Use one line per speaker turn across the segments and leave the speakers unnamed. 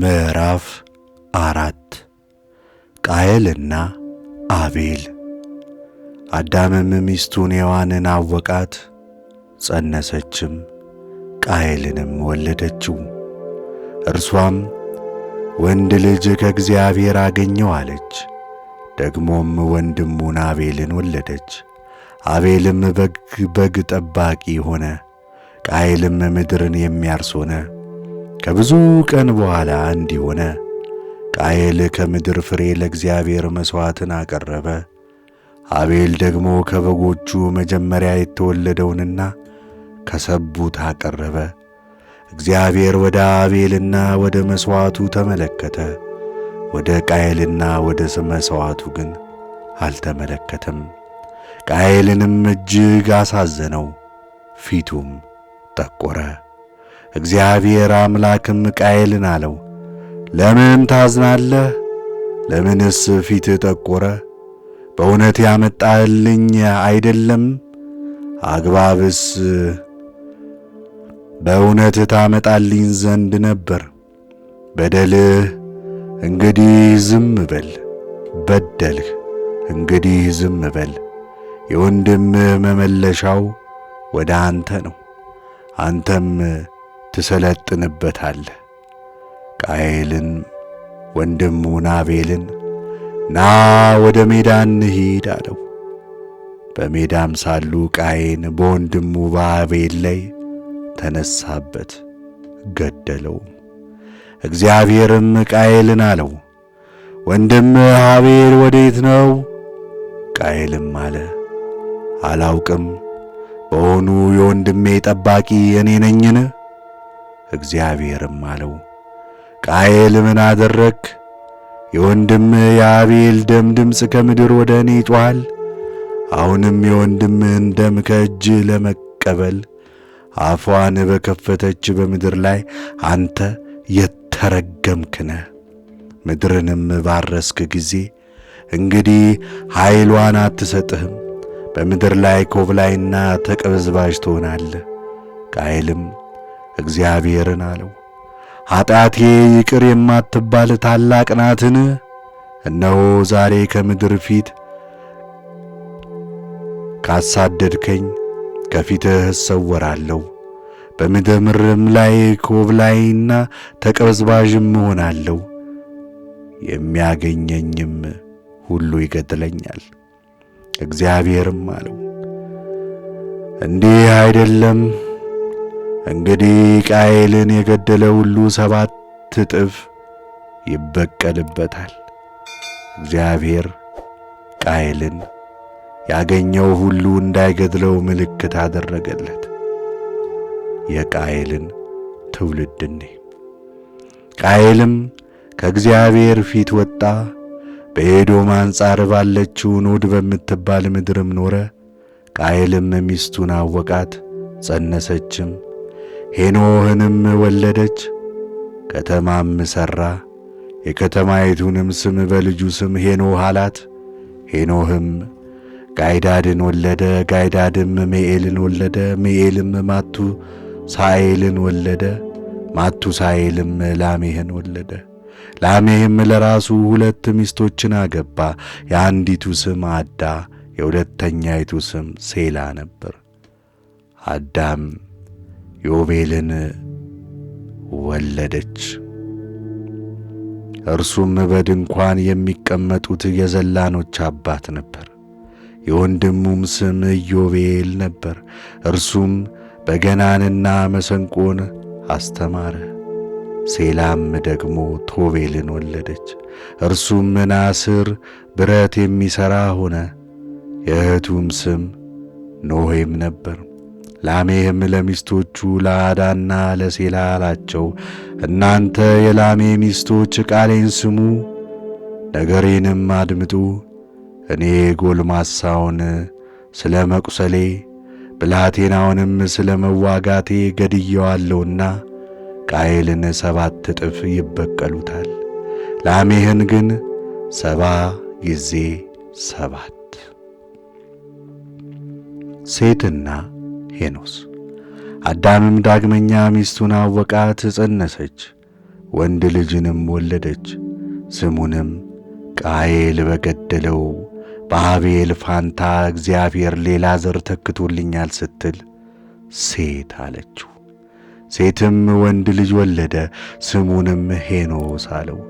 ምዕራፍ አራት ቃየልና አቤል። አዳምም ሚስቱን ሔዋንን አወቃት፣ ጸነሰችም፣ ቃየልንም ወለደችው። እርሷም ወንድ ልጅ ከእግዚአብሔር አገኘው አለች። ደግሞም ወንድሙን አቤልን ወለደች። አቤልም በግ በግ ጠባቂ ሆነ፣ ቃየልም ምድርን የሚያርስ ሆነ። ከብዙ ቀን በኋላ እንዲህ ሆነ። ቃየል ከምድር ፍሬ ለእግዚአብሔር መሥዋዕትን አቀረበ። አቤል ደግሞ ከበጎቹ መጀመሪያ የተወለደውንና ከሰቡት አቀረበ። እግዚአብሔር ወደ አቤልና ወደ መሥዋዕቱ ተመለከተ፣ ወደ ቃየልና ወደ መሥዋዕቱ ግን አልተመለከተም። ቃየልንም እጅግ አሳዘነው፣ ፊቱም ጠቆረ። እግዚአብሔር አምላክም ሚካኤልን አለው፣ ለምን ታዝናለህ? ለምንስ ፊት ጠቆረ? በእውነት ያመጣህልኝ አይደለም? አግባብስ በእውነት ታመጣልኝ ዘንድ ነበር። በደልህ እንግዲህ ዝም በል በደልህ እንግዲህ ዝም በል። የወንድምህ መመለሻው ወደ አንተ ነው አንተም ትሰለጥንበታለህ። ቃየልን ወንድሙን አቤልን ና ወደ ሜዳ እንሂድ አለው። በሜዳም ሳሉ ቃየን በወንድሙ በአቤል ላይ ተነሳበት፣ ገደለው እግዚአብሔርም ቃየልን አለው፣ ወንድም አቤል ወዴት ነው? ቃየልም አለ፣ አላውቅም። በሆኑ የወንድሜ ጠባቂ እኔ ነኝን? እግዚአብሔርም አለው ቃየል ምን አደረግክ? የወንድምህ የአቤል ደም ድምፅ ከምድር ወደ እኔ ይጮኻል። አሁንም የወንድምህን ደም ከእጅህ ለመቀበል አፏን በከፈተች በምድር ላይ አንተ የተረገምክነ ምድርንም ባረስክ ጊዜ እንግዲህ ኃይሏን አትሰጥህም። በምድር ላይ ኮብላይና ተቀበዝባዥ ትሆናለህ። ቃየልም እግዚአብሔርን አለው፣ ኃጢአቴ ይቅር የማትባል ታላቅ ናትን? እነሆ ዛሬ ከምድር ፊት ካሳደድከኝ ከፊትህ እሰወራለሁ። በምድርም ላይ ኮብላይና ተቀበዝባዥም እሆናለሁ። የሚያገኘኝም ሁሉ ይገድለኛል። እግዚአብሔርም አለው እንዲህ አይደለም እንግዲህ ቃየልን የገደለ ሁሉ ሰባት እጥፍ ይበቀልበታል። እግዚአብሔር ቃየልን ያገኘው ሁሉ እንዳይገድለው ምልክት አደረገለት። የቃየልን ትውልድ እኔ ቃየልም ከእግዚአብሔር ፊት ወጣ፣ በኤዶም አንጻር ባለችው ኖድ በምትባል ምድርም ኖረ። ቃየልም ሚስቱን አወቃት፣ ጸነሰችም ሄኖህንም ወለደች። ከተማም ሠራ፣ የከተማይቱንም ስም በልጁ ስም ሄኖህ አላት። ሄኖህም ጋይዳድን ወለደ፣ ጋይዳድም ሜኤልን ወለደ፣ ሜኤልም ማቱ ሳኤልን ወለደ፣ ማቱ ሳኤልም ላሜህን ወለደ። ላሜህም ለራሱ ሁለት ሚስቶችን አገባ። የአንዲቱ ስም አዳ፣ የሁለተኛይቱ ስም ሴላ ነበር። አዳም ዮቤልን ወለደች። እርሱም በድንኳን የሚቀመጡት የዘላኖች አባት ነበር። የወንድሙም ስም ዮቤል ነበር። እርሱም በገናንና መሰንቆን አስተማረ። ሴላም ደግሞ ቶቤልን ወለደች። እርሱም ናስር ብረት የሚሠራ ሆነ። የእህቱም ስም ኖሄም ነበር። ላሜህም ለሚስቶቹ ለአዳና ለሴላ አላቸው፣ እናንተ የላሜ ሚስቶች ቃሌን ስሙ፣ ነገሬንም አድምጡ። እኔ ጎልማሳውን ስለ መቁሰሌ ብላቴናውንም ስለ መዋጋቴ ገድየዋለውና ቃየልን ሰባት እጥፍ ይበቀሉታል፣ ላሜህን ግን ሰባ ጊዜ ሰባት። ሴትና ሄኖስ። አዳምም ዳግመኛ ሚስቱን አወቃት፣ ጸነሰች፣ ወንድ ልጅንም ወለደች። ስሙንም ቃየል በገደለው በአቤል ፋንታ እግዚአብሔር ሌላ ዘር ተክቶልኛል ስትል ሴት አለችው። ሴትም ወንድ ልጅ ወለደ፣ ስሙንም ሄኖስ አለው።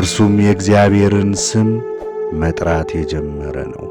እርሱም የእግዚአብሔርን ስም መጥራት የጀመረ ነው።